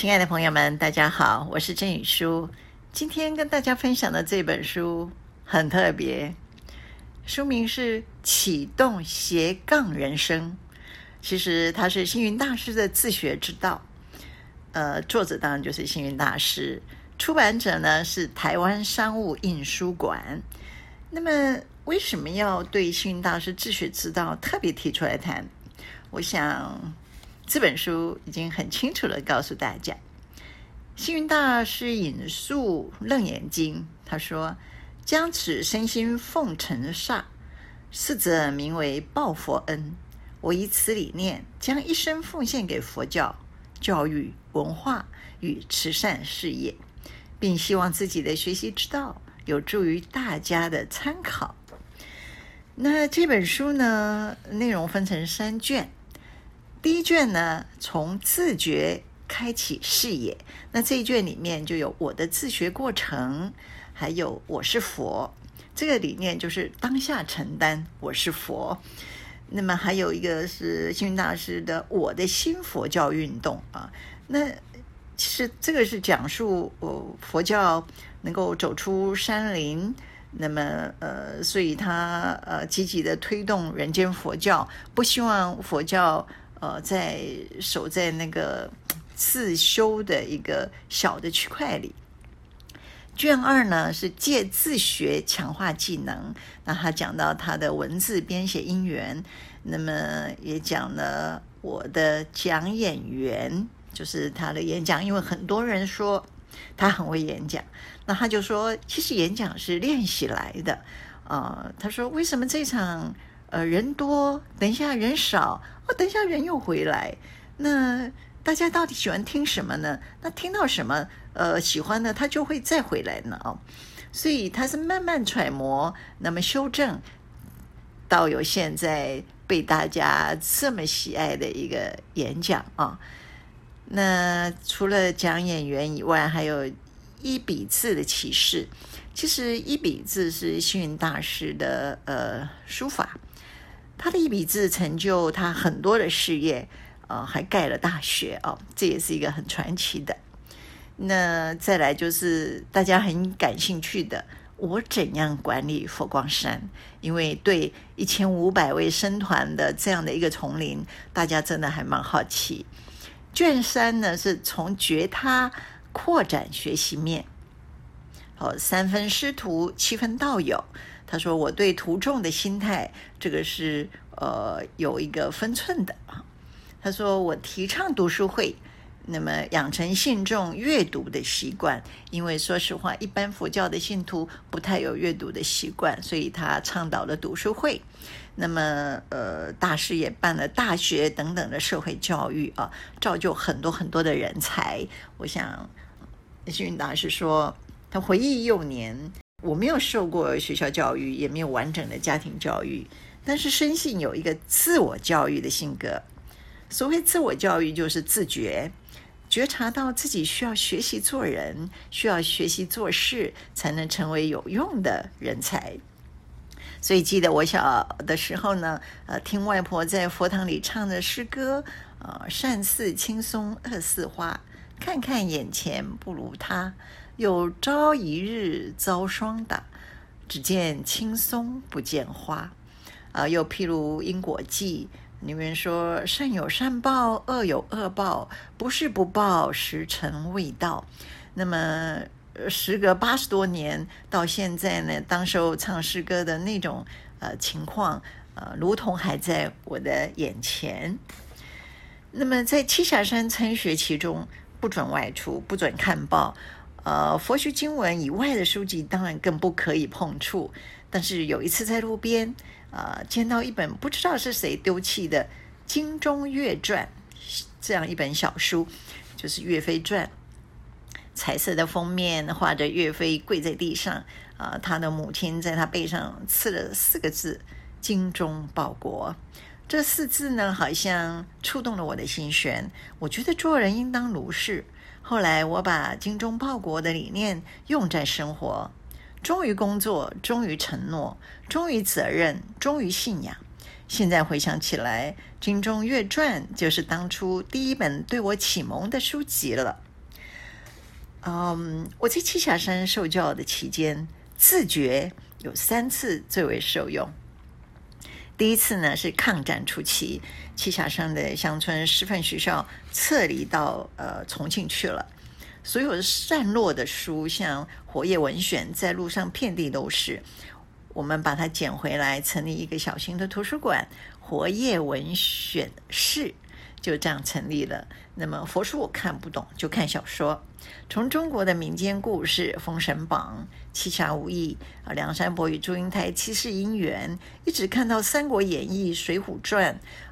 親愛的朋友們，大家好，我是鄭羽書。今天跟大家分享的這本書很特別，書名是《啟動斜槓人生》。其實它是星雲大師的自學之道。呃，作者當然就是星雲大師，出版者呢是台灣商務印書館。那麼為什麼要對星雲大師自學之道特別提出來談？我想。這本書已經很清楚的告訴大家，星雲大師引述《楞嚴經》，他說：“將此身心奉塵剎，四者名為報佛恩。”我以此理念，將一生奉獻給佛教教育、文化與慈善事業，並希望自己的學習之道有助於大家的參考。那這本書呢，內容分成三卷。第一卷呢，從自覺開啟視野。那這一卷裡面就有我的自學過程，還有我是佛這個理念，就是當下承擔我是佛。那麼還有一個是星雲大師的我的新佛教運動啊，那是這個是講述哦，佛教能夠走出山林，那麼呃，所以他呃積極的推動人間佛教，不希望佛教。呃，在守在那個自修的一個小的區塊裡。卷二呢，是借自學強化技能。那他講到他的文字編寫因緣，那麼也講了我的講演員，就是他的演講。因為很多人說他很會演講，那他就說，其實演講是練習來的。呃，他說，為什麼這場？呃，人多，等一下人少，哦，等一下人又回來。那大家到底喜歡聽什麼呢？那聽到什麼，呃，喜歡的他就會再回來呢哦，所以他是慢慢揣摩，那麼修正，到有現在被大家這麼喜愛的一個演講啊、哦。那除了講演員以外，還有一筆字的啟示。其實一筆字是星雲大師的呃書法。他的一筆字成就他很多的事業，呃、哦，還蓋了大學哦，這也是一個很傳奇的。那再來就是大家很感興趣的，我怎樣管理佛光山？因為對一千五百位僧團的這樣的一個叢林，大家真的還蠻好奇。卷三呢，是從覺他擴展學習面。好、哦，三分師徒，七分道友。他說：“我對徒眾的心態，這個是呃有一個分寸的啊。”他說：“我提倡讀書會，那麼養成信眾閱讀的習慣，因為說實話，一般佛教的信徒不太有閱讀的習慣，所以他倡導了讀書會。那麼，呃，大師也辦了大學等等的社會教育啊，造就很多很多的人才。我想，星雲大師說，他回憶幼年。”我沒有受過學校教育，也沒有完整的家庭教育，但是生性有一個自我教育的性格。所謂自我教育，就是自覺覺察到自己需要學習做人，需要學習做事，才能成為有用的人才。所以記得我小的時候呢，呃，聽外婆在佛堂裡唱的詩歌，呃，善似青松惡似花，看看眼前不如他。有朝一日遭霜打，只見青松不見花。啊、呃，又譬如因果記，裡面說善有善報，惡有惡報，不是不報，時辰未到。那麼，時隔八十多年，到現在呢，當時候唱詩歌的那種呃情況，呃，如同還在我的眼前。那麼，在棲霞山參學期中，不准外出，不准看報。呃，佛學經文以外的書籍當然更不可以碰觸。但是有一次在路邊，啊、呃，見到一本不知道是誰丟棄的《精忠岳傳》這樣一本小書，就是岳飛傳，彩色的封面，畫着岳飛跪在地上，啊、呃，他的母親在他背上刺了四個字“精忠報國”。這四字呢，好像觸動了我的心弦。我覺得做人應當如是。後來我把精忠報國的理念用在生活，忠於工作，忠於承諾，忠於責任，忠於信仰。現在回想起來，《精忠岳傳》就是當初第一本對我啟蒙的書籍了。嗯、um,，我在棲霞山受教的期間，自覺有三次最為受用。第一次呢是抗戰初期，棲霞山的鄉村師範學校撤離到呃重慶去了，所有散落的書，像《活頁文選》在路上遍地都是，我們把它撿回來，成立一個小型的圖書館——《活頁文選室》。就這樣成立了。那麼佛書我看不懂，就看小說，從中國的民間故事《封神榜》《七俠五義》啊，《梁山伯與祝英台》《七世姻緣》，一直看到《三國演義》《水滸傳》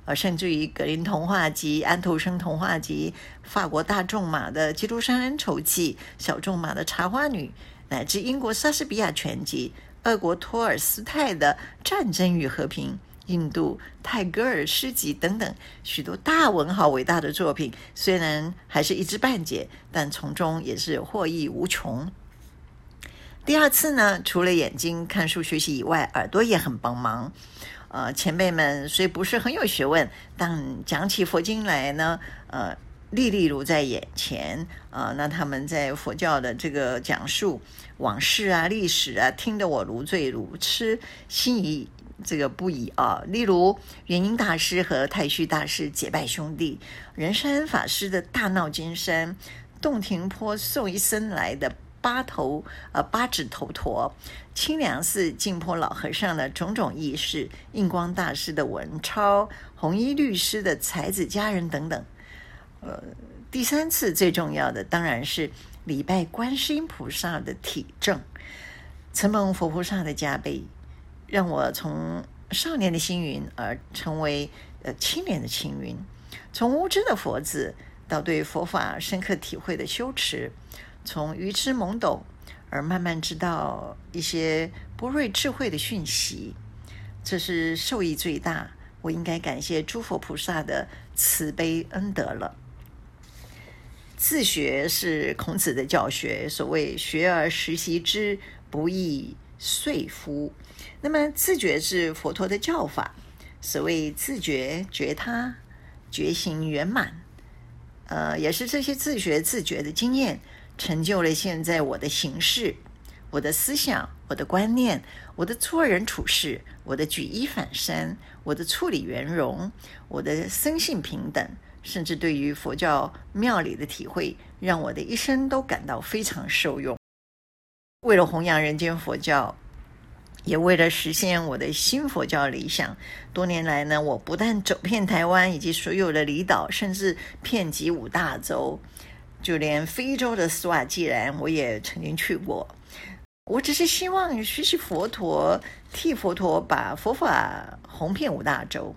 啊，甚至於《格林童話集》《安徒生童話集》、法國大仲馬的《基督山恩仇記》、小仲馬的《茶花女》，乃至英國莎士比亞全集、俄國托爾斯泰的《戰爭與和平》。印度泰戈爾詩集等等許多大文豪偉大的作品，雖然還是一知半解，但從中也是獲益無窮。第二次呢，除了眼睛看書學習以外，耳朵也很幫忙。呃，前輩們雖不是很有學問，但講起佛經來呢，呃，歷歷如在眼前。啊、呃，那他們在佛教的這個講述往事啊、歷史啊，聽得我如醉如痴，心儀，這個不已啊，例如圓瑛大師和太虛大師結拜兄弟，仁山法師的大鬧金山，洞庭波送一僧來的八頭呃八指頭陀，清涼寺淨坡老和尚的種種軼事，印光大師的文鈔，弘一律師的才子佳人等等。呃，第三次最重要的當然是禮拜觀世音菩薩的體證，承蒙佛菩薩的加被。讓我從少年的星雲而成為呃青年的青雲，從無知的佛子到對佛法深刻體會的修持，從愚癡懵懂而慢慢知道一些不瑞智慧的訊息，這是受益最大，我應該感謝諸佛菩薩的慈悲恩德了。自學是孔子的教學，所謂“學而時習之，不亦說乎”。那麼，自覺是佛陀的教法。所謂自覺覺他，覺行圓滿。呃，也是這些自學、自覺的經驗，成就了現在我的行事、我的思想、我的觀念、我的做人處事、我的舉一反三、我的處理圓融、我的生性平等，甚至對於佛教妙理的體會，讓我的一生都感到非常受用。為了弘揚人間佛教。也為了實現我的新佛教理想，多年來呢，我不但走遍台灣以及所有的離島，甚至遍及五大洲，就連非洲的斯瓦季蘭我也曾經去過。我只是希望學習佛陀，替佛陀把佛法弘遍五大洲，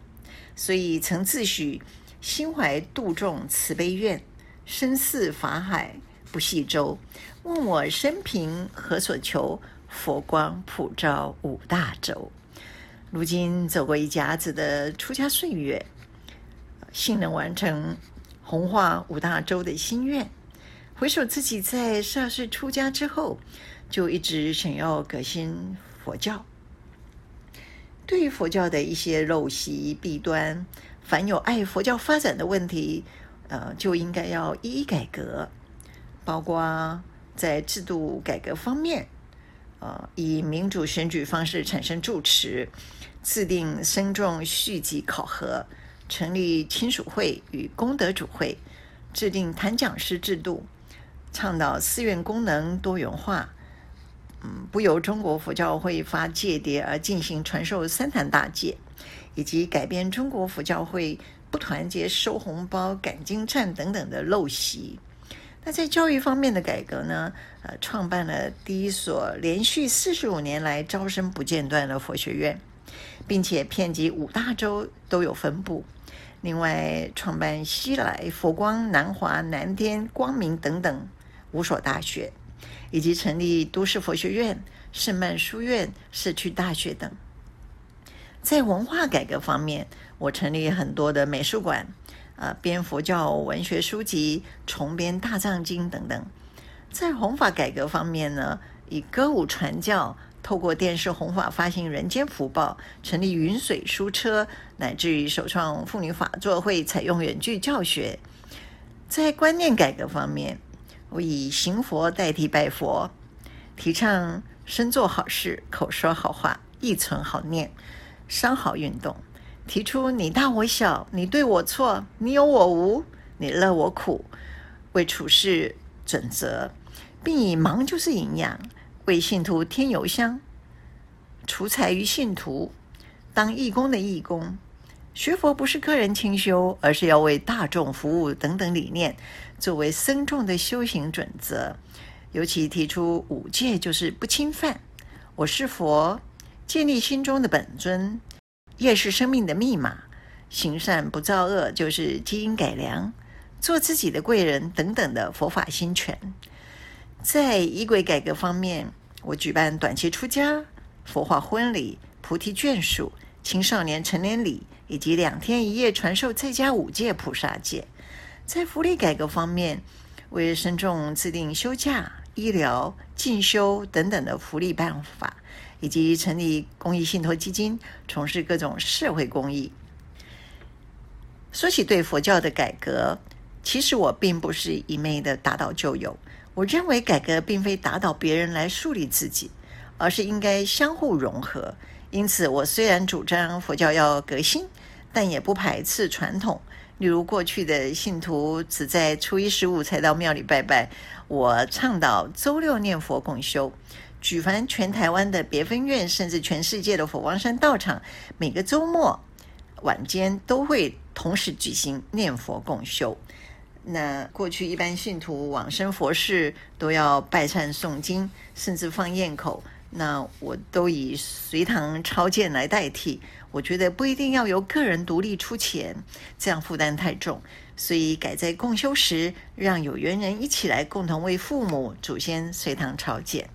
所以曾自詡心懷度眾慈悲願，身似法海不繫舟。問我生平何所求？佛光普照五大洲。如今走過一甲子的出家歲月，幸能完成弘化五大洲的心願。回首自己在十二歲出家之後，就一直想要革新佛教。對於佛教的一些陋習、弊端，凡有礙佛教發展的問題，呃，就應該要一一改革，包括在制度改革方面。呃，以民主選舉方式產生住持，制定僧眾續級考核，成立親屬會與功德主會，制定壇講師制度，倡導寺院功能多元化。嗯，不由中國佛教會發戒牒而進行傳授三壇大戒，以及改變中國佛教會不團結、收紅包、趕經懺等等的陋習。在教育方面的改革呢，呃，創辦了第一所連續四十五年來招生不間斷的佛學院，並且遍及五大洲都有分佈。另外，創辦西來、佛光、南華、南天、光明等等五所大學，以及成立都市佛學院、勝鬘書院、社區大學等。在文化改革方面，我成立很多的美術館。呃，編佛教文學書籍，重編大藏經等等。在弘法改革方面呢，以歌舞傳教，透過電視弘法，發行人間福報，成立雲水書車，乃至於首創婦女法座會，採用遠距教學。在觀念改革方面，我以行佛代替拜佛，提倡身做好事，口說好話，意存好念，三好運動。提出你大我小，你對我錯，你有我無，你樂我苦，為處事準則，並以忙就是營養為信徒添油香，儲財於信徒，當義工的義工，學佛不是個人清修，而是要為大眾服務等等理念，作為僧眾的修行準則。尤其提出五戒，就是不侵犯，我是佛，建立心中的本尊。業是生命的密碼，行善不造惡就是基因改良，做自己的貴人等等的佛法新詮。在儀軌改革方面，我舉辦短期出家、佛化婚禮、菩提眷屬、青少年成年禮，以及兩天一夜傳授在家五戒菩薩戒。在福利改革方面，為僧眾制定休假、醫療、進修等等的福利辦法。以及成立公益信託基金，從事各種社會公益。說起對佛教的改革，其實我並不是一味的打倒舊有。我認為改革並非打倒別人來樹立自己，而是應該相互融合。因此，我雖然主張佛教要革新，但也不排斥傳統。例如，過去的信徒只在初一、十五才到廟裡拜拜，我倡導周六念佛共修。舉凡全台灣的別分院，甚至全世界的佛光山道場，每個周末晚間都會同時舉行念佛共修。那過去一般信徒往生佛事都要拜懺誦經，甚至放焰口，那我都以隨堂超薦來代替。我覺得不一定要由個人獨立出錢，這樣負擔太重，所以改在共修時，讓有緣人一起來共同為父母祖先隨堂超薦。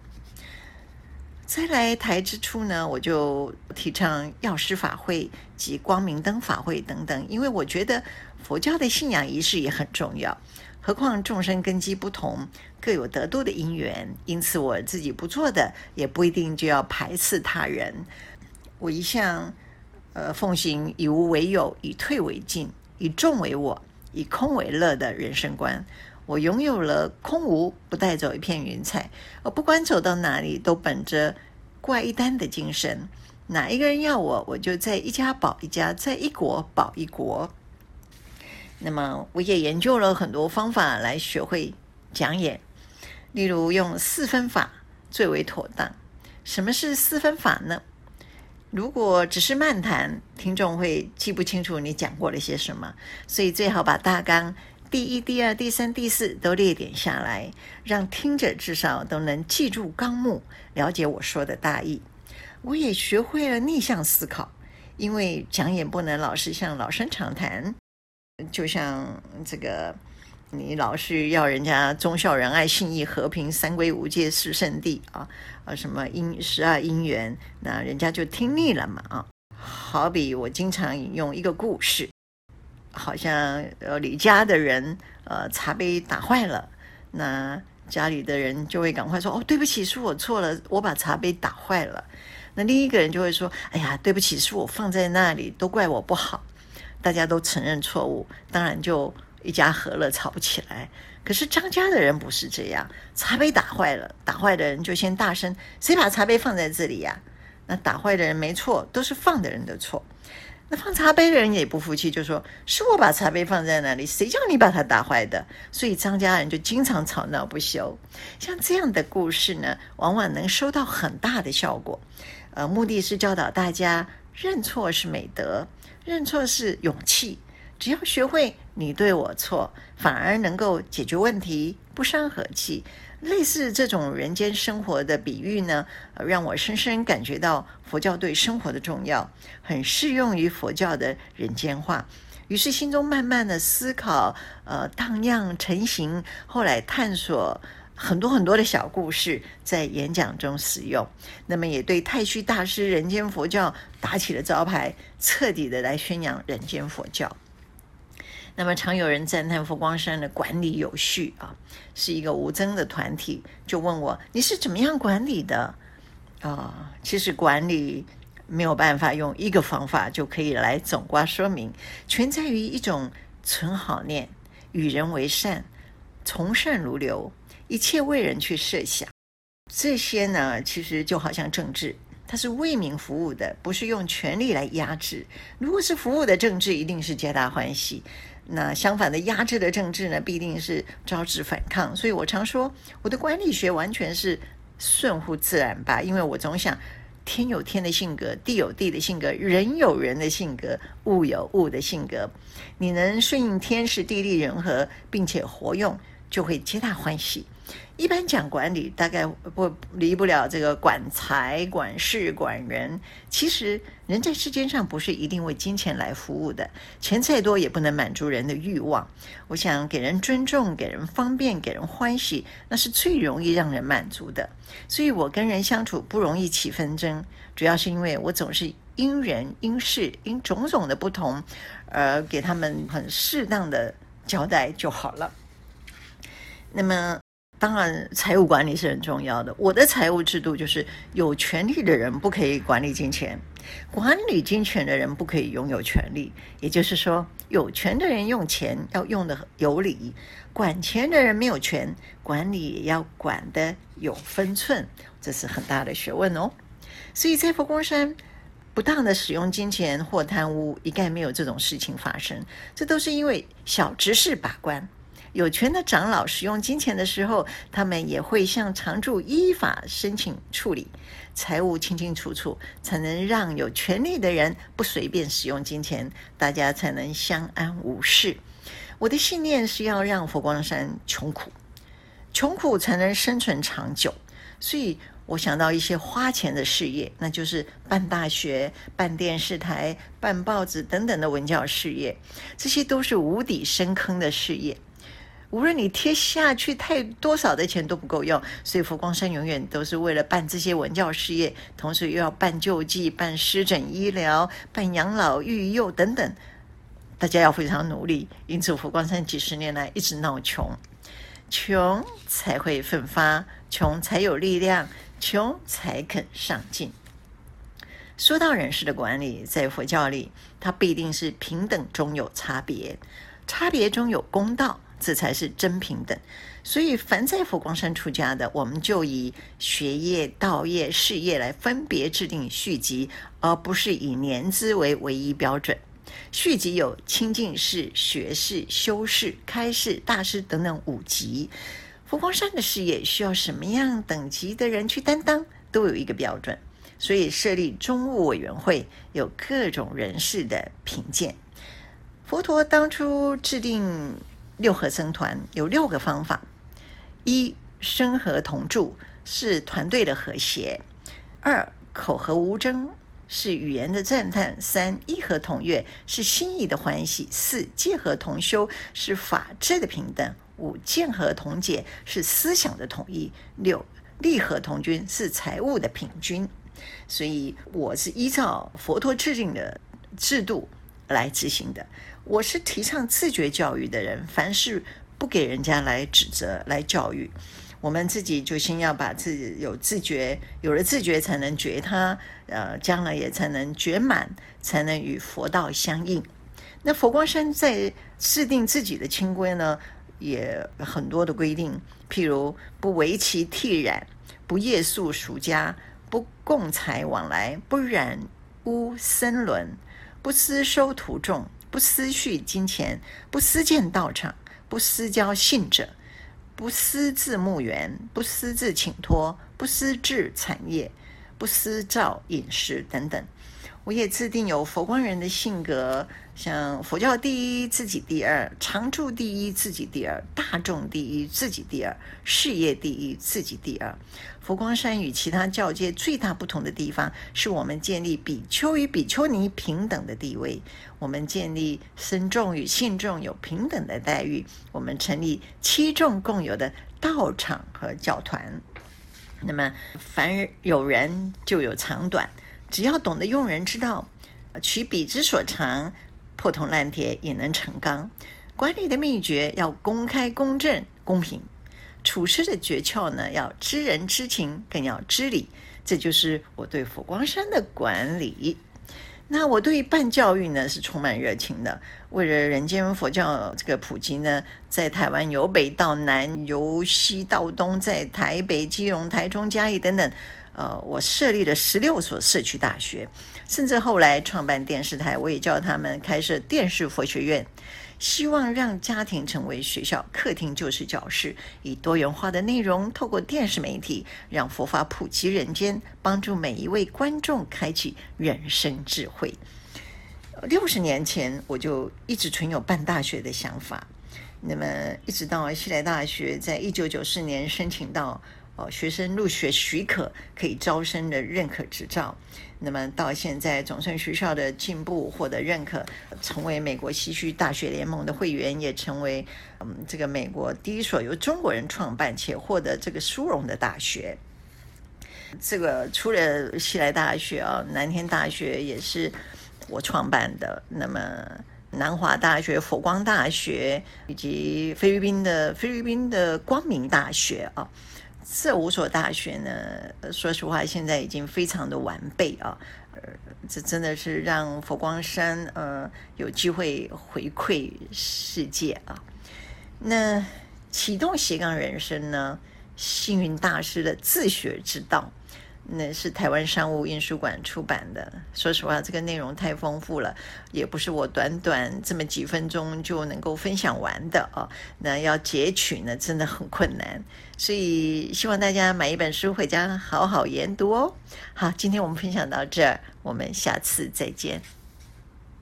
再來台之初呢，我就提倡藥師法會及光明燈法會等等，因為我覺得佛教的信仰儀式也很重要。何況眾生根基不同，各有得度的因緣，因此我自己不做的，也不一定就要排斥他人。我一向呃奉行以無為有，以退為進，以眾為我，以空為樂的人生觀。我擁有了空無，不帶走一片雲彩。而不管走到哪裡，都本着掛一單的精神。哪一個人要我，我就在一家保一家，在一國保一國。那麼，我也研究了很多方法來學會講演，例如用四分法最為妥當。什麼是四分法呢？如果只是漫談，聽眾會記不清楚你講過了些什麼，所以最好把大綱。第一、第二、第三、第四都列點下來，讓聽者至少都能記住綱目，了解我說的大意。我也學會了逆向思考，因為講演不能老是像老生常談。就像這個，你老是要人家忠孝仁愛信義和平三規五戒四聖諦啊啊，什麼因十二因緣，那人家就聽膩了嘛啊。好比我經常引用一個故事，好像呃李家的人，呃茶杯打壞了，那家裡的人就會趕快說，哦，對不起，是我錯了，我把茶杯打壞了，那另一個人就會說，哎呀，對不起，是我放在那裡都怪我不好，大家都承認錯誤，當然就一家和樂，吵不起來。可是張家的人不是這樣，茶杯打壞了，打壞的人就先大聲，誰把茶杯放在這裡呀？那打壞的人沒錯，都是放的人的錯。那放茶杯的人也不服氣，就說是我把茶杯放在那裡，誰叫你把它打壞的？所以張家人就經常吵鬧不休。像這樣的故事呢，往往能收到很大的效果。呃，目的是教導大家，認錯是美德，認錯是勇氣。只要學會你對我錯，反而能夠解決問題，不傷和氣。類似這種人間生活的比喻呢，讓我深深感覺到佛教對生活的重要，很適用於佛教的人間化。於是心中慢慢的思考，呃，蕩漾成形，後來探索很多很多的小故事，在演講中使用。那麼也對太虛大師人間佛教打起了招牌，徹底的來宣揚人間佛教。那麼常有人讚歎佛光山的管理有序啊，是一個無諍的團體，就問我，你是怎麼樣管理的啊？哦，其實管理沒有辦法用一個方法就可以來總括說明，全在於一種存好念、與人為善、從善如流、一切為人去設想。這些呢，其實就好像政治，它是為民服務的，不是用權力來壓制。如果是服務的政治，一定是皆大歡喜。那相反的壓制的政治呢，必定是招致反抗。所以我常說，我的管理學完全是順乎自然吧，因為我總想，天有天的性格，地有地的性格，人有人的性格，物有物的性格。你能順應天時地利人和，並且活用，就會皆大歡喜。一般講管理，大概不離不了這個管財、管事、管人。其實人在世間上不是一定為金錢來服務的，錢再多也不能滿足人的欲望。我想給人尊重、給人方便、給人歡喜，那是最容易讓人滿足的。所以我跟人相處不容易起紛爭，主要是因為我總是因人、因事、因種種的不同而給他們很適當的交代就好了。那麼當然，財務管理是很重要的。我的財務制度就是：有權利的人不可以管理金錢，管理金錢的人不可以擁有權利。也就是說，有權的人用錢要用得有理，管錢的人沒有權，管理也要管得有分寸。這是很大的學問哦。所以在佛光山，不當的使用金錢或貪污一概沒有這種事情發生，這都是因為小執事把關。有權的長老使用金錢的時候，他們也會向常住依法申請處理，財務清清楚楚，才能讓有權利的人不隨便使用金錢，大家才能相安無事。我的信念是要讓佛光山窮苦，窮苦才能生存長久，所以我想到一些花錢的事業，那就是辦大學、辦電視台、辦報紙等等的文教事業，這些都是無底深坑的事業。無論你貼下去太多少的錢都不夠用，所以佛光山永遠都是為了辦這些文教事業，同時又要辦救濟、辦施診醫療、辦養老育幼等等，大家要非常努力。因此，佛光山幾十年來一直鬧窮，窮才會奮發，窮才有力量，窮才肯上進。說到人事的管理，在佛教裡，它必定是平等中有差別，差別中有公道。這才是真平等。所以，凡在佛光山出家的，我們就以學業、道業、事業來分別制定序級，而不是以年資為唯一標準。序級有清淨士、學士、修士、開士、大師等等五級。佛光山的事業需要什麼樣等級的人去擔當，都有一個標準。所以，設立中務委員會，有各種人士的評鑑。佛陀當初制定。六和僧團有六個方法：一、身和同住是團隊的和諧；二、口和無諍是語言的讚歎；三、意和同悅是心意的歡喜；四、戒和同修是法治的平等；五、見和同解是思想的統一；六、利和同均是財務的平均。所以，我是依照佛陀制定的制度。來執行的，我是提倡自覺教育的人。凡是不給人家來指責、來教育，我們自己就先要把自己有自覺，有了自覺才能覺他，呃，將來也才能覺滿，才能與佛道相應。那佛光山在制定自己的清規呢，也很多的規定，譬如不為其剃染，不夜宿俗家，不共財往來，不染污僧倫。不私收徒眾，不私蓄金錢，不私建道場，不私交信者，不私自募緣，不私自請托，不私自產業，不私造飲食等等。我也自定有佛光人的性格，像佛教第一，自己第二；常住第一，自己第二；大眾第一，自己第二；事業第一，自己第二。佛光山與其他教界最大不同的地方，是我們建立比丘與比丘尼平等的地位，我們建立僧眾與信眾有平等的待遇，我們成立七眾共有的道場和教團。那麼，凡有人就有長短。只要懂得用人之道，取彼之所長，破銅爛鐵也能成鋼。管理的秘訣要公開、公正、公平。處事的訣竅呢，要知人知情，更要知理。這就是我對佛光山的管理。那我對辦教育呢，是充滿熱情的。為了人間佛教這個普及呢，在台灣由北到南，由西到東，在台北、基隆、台中、嘉義等等。呃，我設立了十六所社區大學，甚至後來創辦電視台，我也叫他們開設電視佛學院，希望讓家庭成為學校，客廳就是教室，以多元化的內容，透過電視媒體，讓佛法普及人間，幫助每一位觀眾開啟人生智慧。六十年前，我就一直存有辦大學的想法，那麼一直到西來大學，在一九九四年申請到。哦，學生入學許可，可以招生的認可執照。那麼到現在，總算學校的進步獲得認可，成為美國西區大學聯盟的會員，也成為嗯，這個美國第一所由中國人創辦且獲得這個殊榮的大學。這個除了西來大學啊，南天大學也是我創辦的。那麼南華大學、佛光大學以及菲律賓的菲律賓的光明大學啊。這五所大學呢，說實話，現在已經非常的完備啊，呃，這真的是讓佛光山呃有機會回饋世界啊。那啟動斜槓人生呢，星雲大師的自學之道。那是台灣商務印書館出版的。說實話，這個內容太豐富了，也不是我短短這麼幾分鐘就能夠分享完的哦。那要截取呢，真的很困難。所以希望大家買一本書回家好好研讀哦。好，今天我們分享到這兒，我們下次再見。